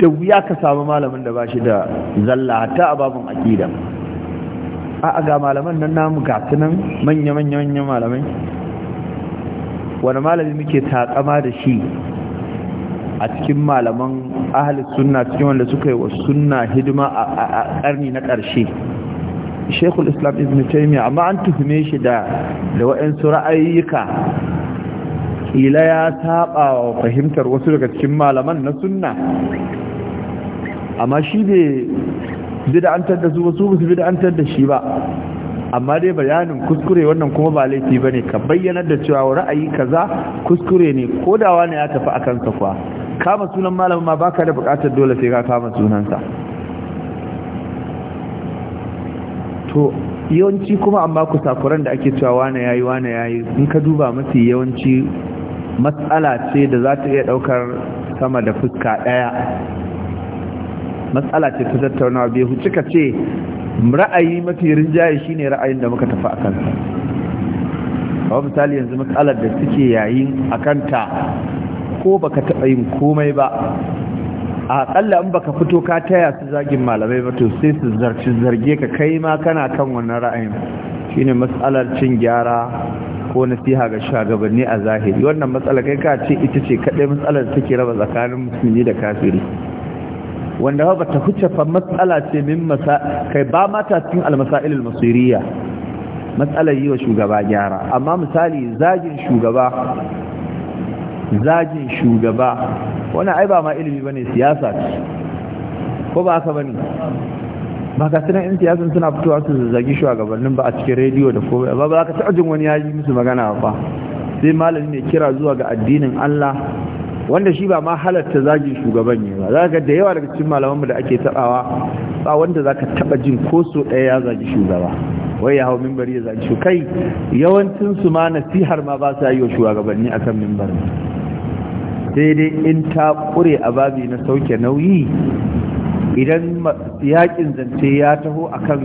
Speaker 1: da wuya ka samu malamin da ba shi da zalla ta a babin aƙida a ga malaman nan namu ga nan manya-manya malamai wani malami muke takama da shi a cikin malaman ahal sunna cikin wanda suka yi wa sunna hidima a ƙarni na ƙarshe shekul islam ibn taimiyya amma an tuhume shi da da wa'yansu ra'ayyuka kila ya saba fahimtar wasu daga cikin malaman na sunna amma shi ne bid'antar da su wasu su bid'antar da shi ba amma dai bayanin kuskure wannan kuma ba laifi ba ne ka bayyanar da cewa ra'ayi kaza kuskure ne ko da wani ya tafi a kansa kuwa kama sunan malamin ma baka da bukatar dole sai ka kama sunansa to yawanci kuma amma kusakuran da ake cewa wane yayi wane yayi in ka duba mafi yawanci matsala ce da za ta iya ɗaukar sama da fuska ɗaya matsala ce ta tattaunawa biyu huci ka ce ra'ayi mafi rinjaye shi ne ra'ayin da muka tafi a kansa kawai misali yanzu matsalar da suke yayin a kanta ko baka taɓa yin komai ba a ƙalla in baka fito ka taya su zagin malamai ba to sai su zarci zarge ka kai ma kana kan wannan ra'ayin Shi ne matsalar cin gyara ko nasiha ga shugabanni a zahiri wannan matsala kai ka ce ita ce kadai matsalar da take raba tsakanin musulmi da kafiri wanda ba ta huce fa matsala ce min masa kai ba ma ta cikin almasail almasiriya matsalar yi wa shugaba gyara amma misali zagin shugaba zagin shugaba wannan ai ba ma ilimi bane siyasa ko ba haka bane ba ga sunan yan siyasan suna fitowa su zagi shugabannin ba a cikin rediyo da komai ba ba ka taɓa jin wani ya yi musu magana ba sai malami ne kira zuwa ga addinin Allah wanda shi ba ma halatta zagin shugaban ne ba za ka da yawa daga cikin malamanmu da ake tabawa ba wanda za ka taba jin ko so ɗaya ya zagi shugaba wai ya hau mimbari ya zagi shukai yawancin su ma nasihar ma ba sa yi wa shugabanni akan mimbar sai dai in ta ƙure a babi na sauke nauyi idan yakin zance ya taho a kan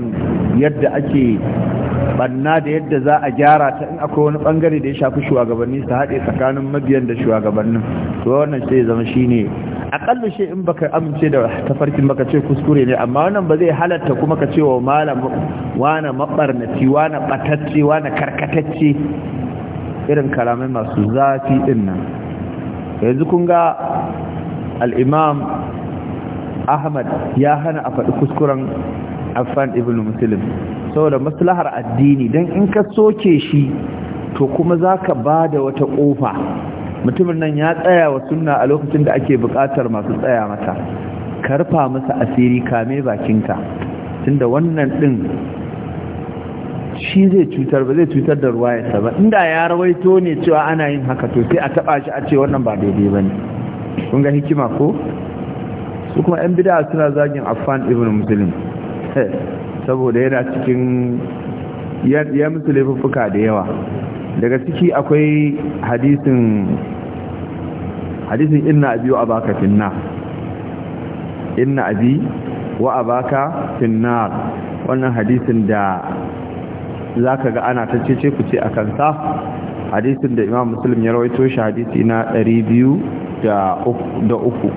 Speaker 1: yadda ake banna da yadda za a gyara ta in akwai wani bangare da ya shafi shugabanni su haɗe tsakanin mabiyan da shugabannin to wannan sai zama shine akalla shi in baka amince da tafarkin baka ce kuskure ne amma wannan ba zai halatta kuma ka ce wa malam wana mabarnaci wana batacce wana karkatacce irin kalamai masu zafi din nan yanzu kun ga al ahmad ya hana a faɗi kuskuren affan ibn muslim saboda maslahar addini don in ka soke shi to kuma za ka ba da wata ƙofa mutumin nan ya tsaya wa sunna a lokacin da ake buƙatar masu tsaya mata karfa masa asiri kame bakinka da wannan ɗin shi zai cutar ba zai cutar da ya ba inda ya rawaito ne cewa ana yin haka to sai a taɓa shi a ce wannan ba daidai ba ne kun ga hikima ko su kuma yan bid'a suna zagin Affan ibn Muslim eh, saboda yana cikin ya musu laifuffuka da yawa daga ciki akwai hadisin hadisin inna abi wa abaka finna inna abi wa abaka finna wannan hadisin da za ka ga ana ta cece ku ce akan sa hadisin da Imam musulun ya rawaito shi hadisi na 200 da uku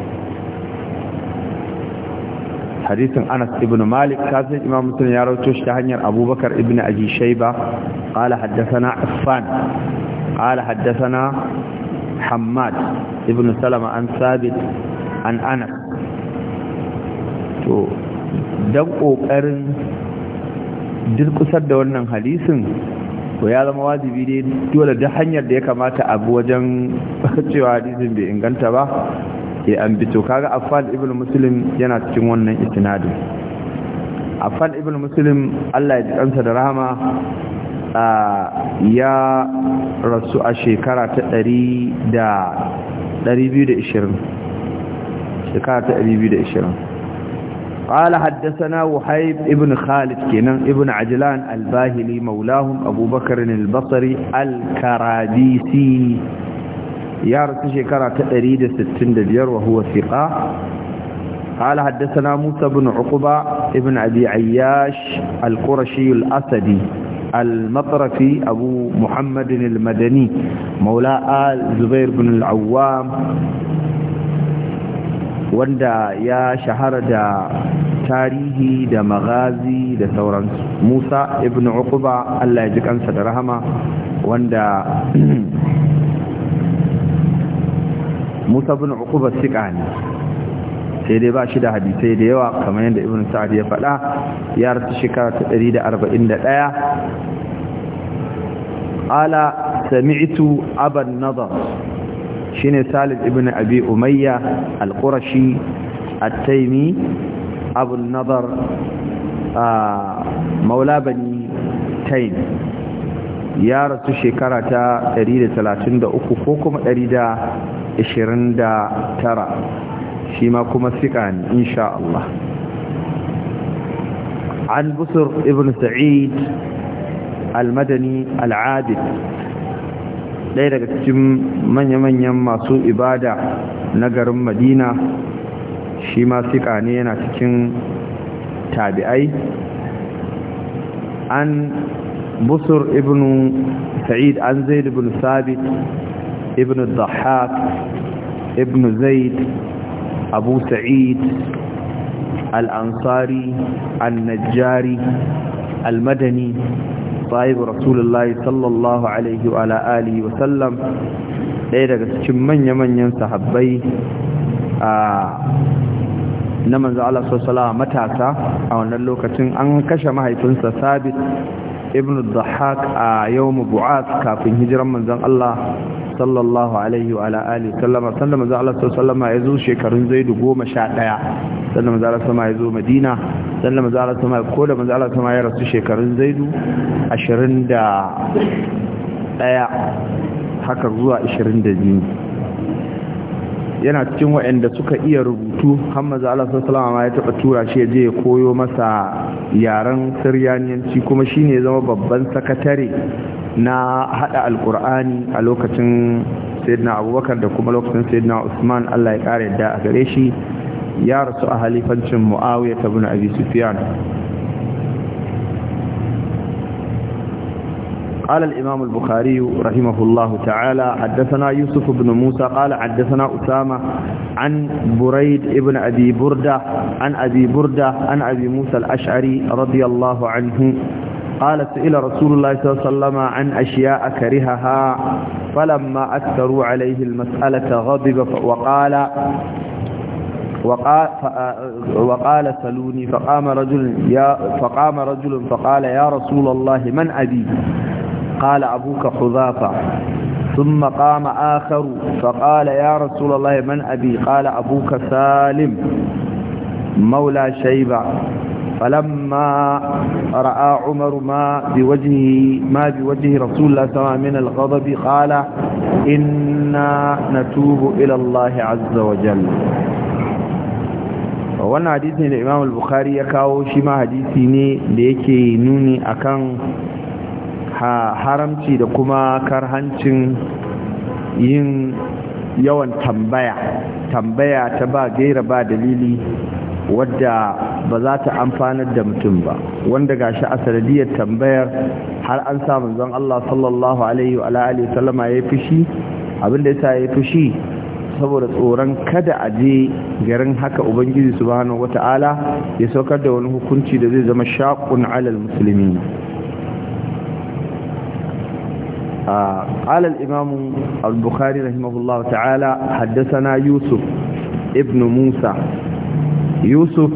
Speaker 1: hadisin Anas ibn Malik kasan Imam Muslim ya rawaito shi ta hanyar Abubakar ibn Abi Shayba qala haddathana Affan qala haddathana Hammad ibn Salama an Sabit an Anas to dan kokarin dirkusar da wannan hadisin to ya zama wajibi ne dole da hanyar da ya kamata abu wajen cewa hadisin bai inganta ba ke an bi to kaga afal ibn muslim yana cikin wannan itinadin afal ibn muslim Allah ya ji kansa da rahama ya rasu a shekara ta 220 shekara ta 220 قال حدثنا وحيب ابن خالد كنان ابن عجلان الباهلي مولاهم أبو بكر البصري الكراديسي ya rasu shekara ta 165 wa huwa thiqa قال حدثنا موسى بن عقبة ابن أبي عياش القرشي الأسدي المطرفي أبو محمد المدني مولى آل زبير بن العوام وندا يا شهر دا تاريخي دا مغازي دا ثوران موسى ابن عقبة الله يجيك أنسى درهما وندا musa bin uquba thiqa ne sai dai ba shi da hadisai da yawa kamar yadda ibn sa'ad ya faɗa ya rasu shekara ta 141 ala sami'tu aban nadar shine salid ibn abi umayya al-qurashi at-taymi abu an-nadar maula bani taym ya rasu shekara ta 133 ko kuma 100 tara shi ma kuma siƙa ne insha Allah عن بسر ابن سعيد المدني العادل ɗaya daga cikin manya-manyan masu ibada na garin madina shi ma siƙa ne yana cikin tabi'ai an busur ibn sa'id an zaid ibn sabit ابن الضحاك ابن زيد zaid abu sa'id al-ansari al رسول al-madani الله عليه sallallahu alaihi wa ده sallam ɗaya daga cikin manya-manyan sahabbai na manzo Allah sallallahu matasa a wannan lokacin an kashe mahaifinsa Sabit ibn Dhahhak a yawm Bu'ath kafin hijiran manzon Allah sallallahu alaihi wa ala alihi sallama sallama manzo Allah sallama ya zo shekarun Zaidu goma sha ɗaya sannan manzo Allah sallama ya zo Madina sallama manzo Allah sallama ko da manzo Allah sallama ya rasu shekarun Zaidu ashirin da ɗaya haka zuwa ashirin da biyu yana cikin waɗanda suka iya rubutu har hamza Allah sallama ya taɓa tura shi ya je ya koyo masa yaren Siryaniyanci kuma shine ya zama babban sakatare na hada alkur'ani a lokacin sayyidina abubakar da kuma lokacin sayyidina usman allah ya kara yadda a gare shi ya rasu a halifancin mu'awiya ta bin abi sufyan قال الإمام البخاري رحمه الله تعالى حدثنا يوسف بن موسى قال حدثنا أسامة عن بريد ابن أبي بردة عن أبي بردة عن أبي موسى الأشعري رضي الله عنه قالت إلى رسول الله صلى الله عليه وسلم عن أشياء كرهها فلما أكثروا عليه المسألة غضب وقال وقال وقال سلوني فقام رجل يا فقام رجل فقال يا رسول الله من أبي قال أبوك حذافة ثم قام آخر فقال يا رسول الله من أبي قال أبوك سالم مولى شيبة فلما رأى عمر ما بوجهه ما بوجه رسول الله صلى الله من الغضب قال إنا نتوب إلى الله عز وجل wannan hadisi ne da imam al-bukhari ya kawo shi ma hadisi ne da yake nuni akan haramci da kuma karhancin yin yawan tambaya tambaya ta ba gaira ba dalili wadda ba za ta amfanar da mutum ba wanda gashi a sanadiyar tambayar har an samun zan Allah sallallahu alaihi wa alihi sallama ya fushi abinda yasa ya fushi saboda tsoron kada a je garin haka ubangiji subhanahu wata'ala ya saukar da wani hukunci da zai zama shaqun alal muslimin قال الإمام البخاري رحمه الله تعالى حدثنا يوسف ابن موسى yusuf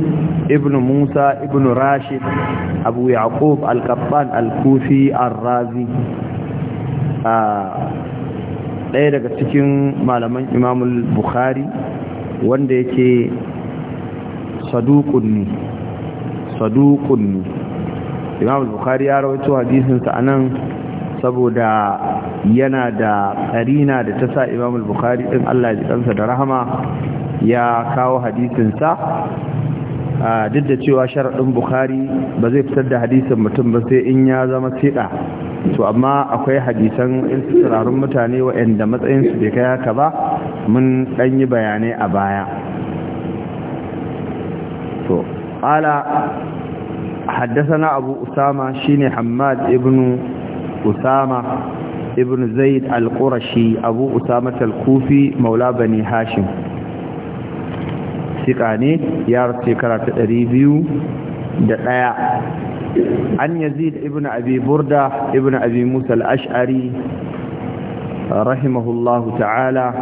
Speaker 1: ابن musa ابن rashid abu yaqub al الكوفي al-kufi ar ah, daga cikin malaman imamul bukhari wanda yake saduqun ne imamul bukhari ya rawaito hadisinsa a nan saboda yana da karina da ta sa imam al-bukhari ɗin, Allah ya kansa da rahama ya kawo hadisinsa duk da cewa sharaɗin bukhari ba zai fitar da hadisin mutum ba sai in ya zama siɗa to amma akwai hadisan turarun mutane waɗanda matsayinsu bai kai haka ba mun ɗan yi bayanai a baya to ƙala haddasa na abu usama shine hamad ibnu أسامة ابن زيد القرشي أبو أسامة الكوفي مولى بني هاشم ثقاني يارتي كرات ريفيو دقايا عن يزيد ابن أبي بردة ابن أبي موسى الأشعري رحمه الله تعالى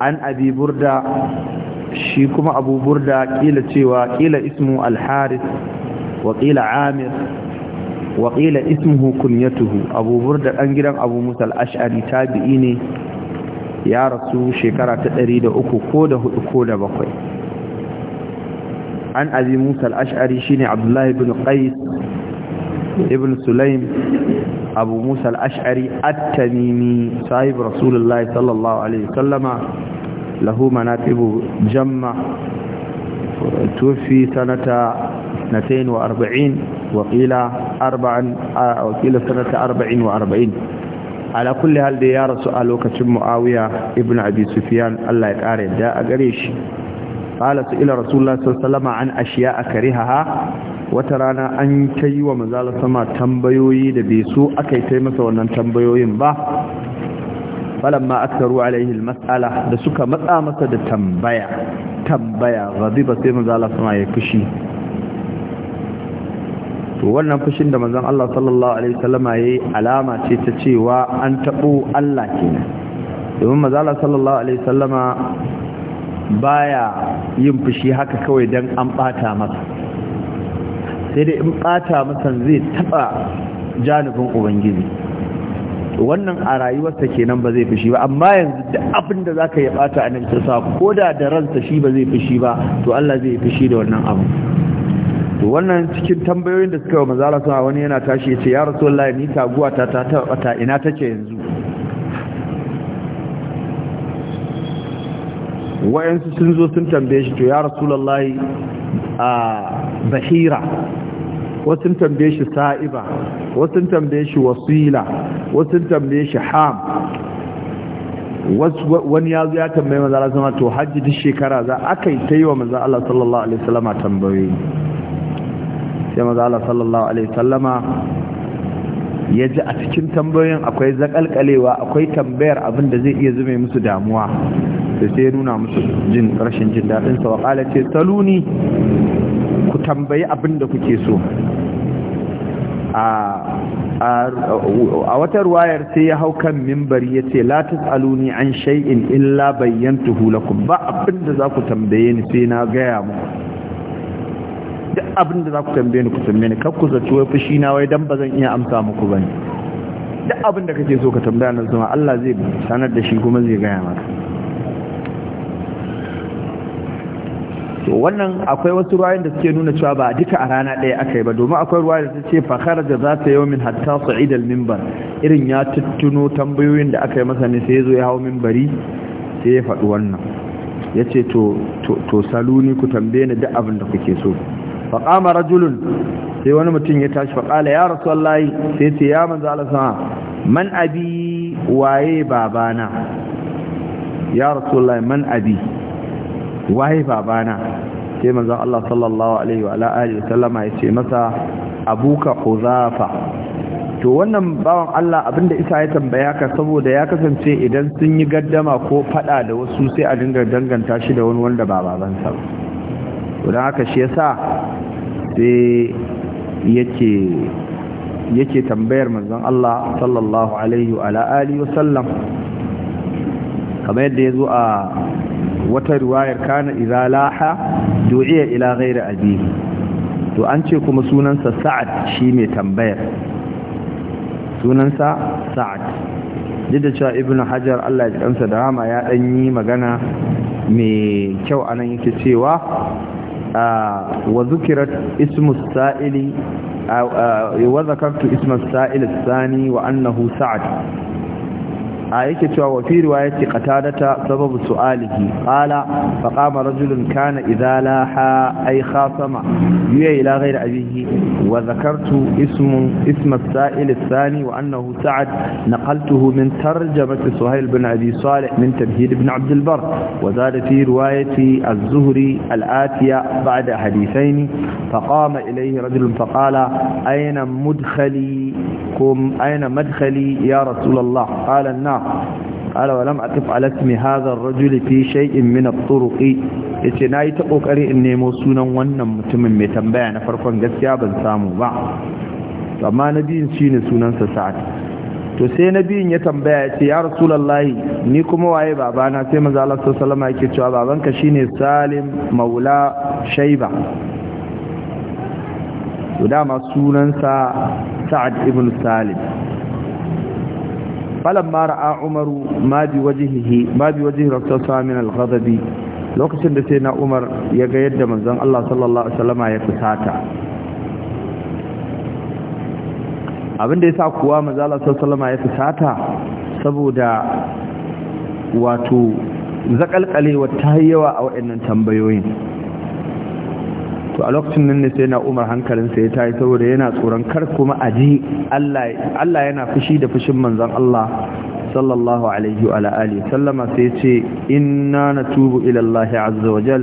Speaker 1: عن أبي بردة شيكم أبو بردة قيل تيوى قيل اسمه الحارث وقيل عامر waƙila ismuhu kunyatuhu abu burda ɗan gidan abu al'ashari ta tabi'i ne ya rasu shekara ta ɗari da uku ko da ko da bakwai an musa al'ashari shi shine abdullahi bin qais ibn sulaim abu musa al'ashari at sahib rasulullahi sallallahu alaihi wasallama lahu manaqib jamma توفي سنة 42 وقيل أربعا وقيل سنة 44 على كل هل دي يا رسول وكتب معاوية ابن أبي سفيان الله يقارن دا أقريش قال سئل رسول الله صلى الله عليه وسلم عن أشياء كرهها وترانا أن كي ومزال سما تنبيوي دبيسو أكي تيمس ونن تنبيوين با falamma aktaru alaihi almas'ala da suka matsa masa da tambaya tambaya ghadiba sai manzo Allah sama ya fushi to wannan fushin da manzon Allah sallallahu alaihi wasallama yayi alama ce ta cewa an tabo Allah kenan domin manzo Allah sallallahu alaihi wasallama baya yin fushi haka kawai dan an bata masa sai dai in bata masa zai taba janibin ubangiji wannan a rayuwarsa kenan ba zai shi ba amma yanzu da abin da zaka ya bata a nan sa ko da da ransa shi ba zai shi ba to Allah zai shi da wannan abu to wannan cikin tambayoyin da suka yi manzala sa wani yana tashi ya ce ya rasulullahi ni taguwa ta ta ta ina take yanzu wayansu sun zo sun tambaye shi to ya rasulullahi a bahira wasu tambaye shi sa'iba wasu tambaye shi wasila wasu tambaye shi ham wani ya zo ya tambaye maza Allah sama to hajji duk shekara za aka yi ta yi wa maza Allah sallallahu alaihi wasallama tambayoyi sai maza Allah sallallahu alaihi wasallama ya ji a cikin tambayoyin akwai zakalkalewa akwai tambayar abin da zai iya zume musu damuwa sai sai ya nuna musu jin rashin jin daɗin sa wa ce saluni ku tambayi abin da kuke so a a wata ruwayar sai ya hau kan mimbari ya ce latin Aluni an shay'in illa bayyantuhu lakum ba abin da za ku tambaye ni sai na gaya mu duk abin da za ku tambaye ni ku tambaye ni kakku zaci wai fushi na wai don ba zan iya amsa muku ba ne duk abin da kake so ka tambaya na zama Allah zai sanar da shi kuma zai gaya maka to wannan akwai wasu ruwayoyin da suke nuna cewa ba duka a rana ɗaya aka yi ba domin akwai ruwa da suke ce da za ta yau min hatta sa'id al-mimbar irin ya tuttuno tambayoyin da aka yi masa ne sai ya zo ya hau mimbari sai ya faɗi wannan ya ce to to saluni ku tambaye ni duk abin da kuke so fa qama rajulun sai wani mutum ya tashi fa qala ya rasulullahi sai ce ya manzo Allah sama man abi waye babana ya rasulullahi man abi waye babana sai manzon Allah sallallahu alaihi wa alihi wasallama ya ce masa abuka huzafa to wannan bawan Allah abinda isa ya tambaya ka saboda ya kasance idan sun yi gaddama ko fada da wasu sai a dinga danganta shi da wani wanda ba babansa ba to haka shi yasa sai yake yake tambayar manzon Allah sallallahu alaihi wa alihi wasallam kamar yadda ya zo a wata riwayar kana idza laha du'iya ila ghairi abihi to an ce kuma sunansa sa'ad shi mai tambayar sunansa sa'ad duk da cewa ibnu hajar Allah ya kansa da rama ya dan yi magana mai kyau anan yake cewa wa zukirat ismu sa'ili wa zakartu ismu sa'il thani wa annahu sa'ad a yake cewa wa fi riwayati qatadata sababu su'alihi qala fa qama rajulun kana idza laha ay khasama yuya ila ghayri abihi wa dhakartu ismu ism as-sa'il ath-thani wa annahu sa'ad naqaltuhu min tarjamati suhayl bin abi salih min tabhid ibn abd al-bar wa zada fi riwayati az-zuhri al-atiya ba'da hadithayn fa qama ilayhi rajulun fa qala ayna mudkhali kum ayna madkhali ya rasul allah qala an na'am قال ولم أقف على اسم هذا الرجل في شيء من الطرق yace nayi ta kokari in nemo sunan wannan mutumin mai tambaya na farkon gaskiya ban samu ba amma nabiyin shine sunansa sa'ad to sai nabiyin ya tambaya ya ce ya rasulullahi ni kuma waye babana sai manzo Allah sallallahu alaihi wasallam yake cewa babanka shine Salim Maula Shaiba. to dama sunansa Sa'ad ibn Salim Mara ra'a umaru ma bi wajhihi ma bi wajhi raktasa min al-ghadabi lokacin da sai na umar ya ga yadda manzon Allah sallallahu alaihi wasallama ya kusata da yasa kuwa manzon Allah sallallahu alaihi wasallama ya kusata saboda wato zakalkalewa ta yawa a waɗannan tambayoyin to a lokacin nan ne sai na umar hankalinsa ya tayi saboda yana tsoron kar kuma aji. Allah yana fushi da fushin manzon Allah sallallahu alaihi wa alihi sallama sai ce inna natubu ila Allah azza wa jal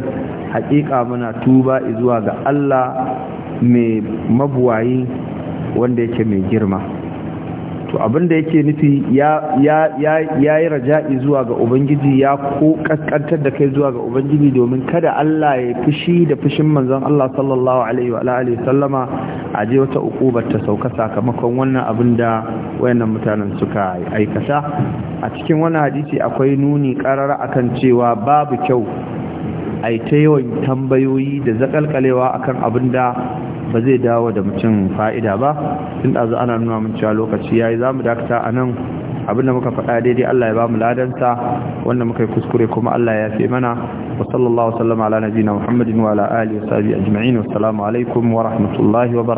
Speaker 1: haƙiƙa muna tuba zuwa ga Allah mai mabuwayi wanda yake mai girma to da yake nufi ya yi raja'i zuwa ga ubangiji ya ko kaskantar da kai zuwa ga ubangiji domin kada Allah ya fushi da fushin manzon Allah sallallahu alaihi wa alihi sallama a je wata ukubar ta sauka sakamakon wannan abin da wayannan mutanen suka aikata a cikin wani hadisi akwai nuni karara akan cewa babu kyau a ta yawan tambayoyi da zakalkalewa akan abin da ba zai dawo da mutum fa'ida ba tun ɗazu ana nuna mun cewa lokaci ya yi za mu dakata a nan abinda muka faɗa daidai Allah ya ba mu ladanta wanda muka yi kuskure kuma Allah ya fi mana wa sallallahu ala nabiyina muhammadin wa ala wa a ajma'in wa alaikum wa rahmatullahi wa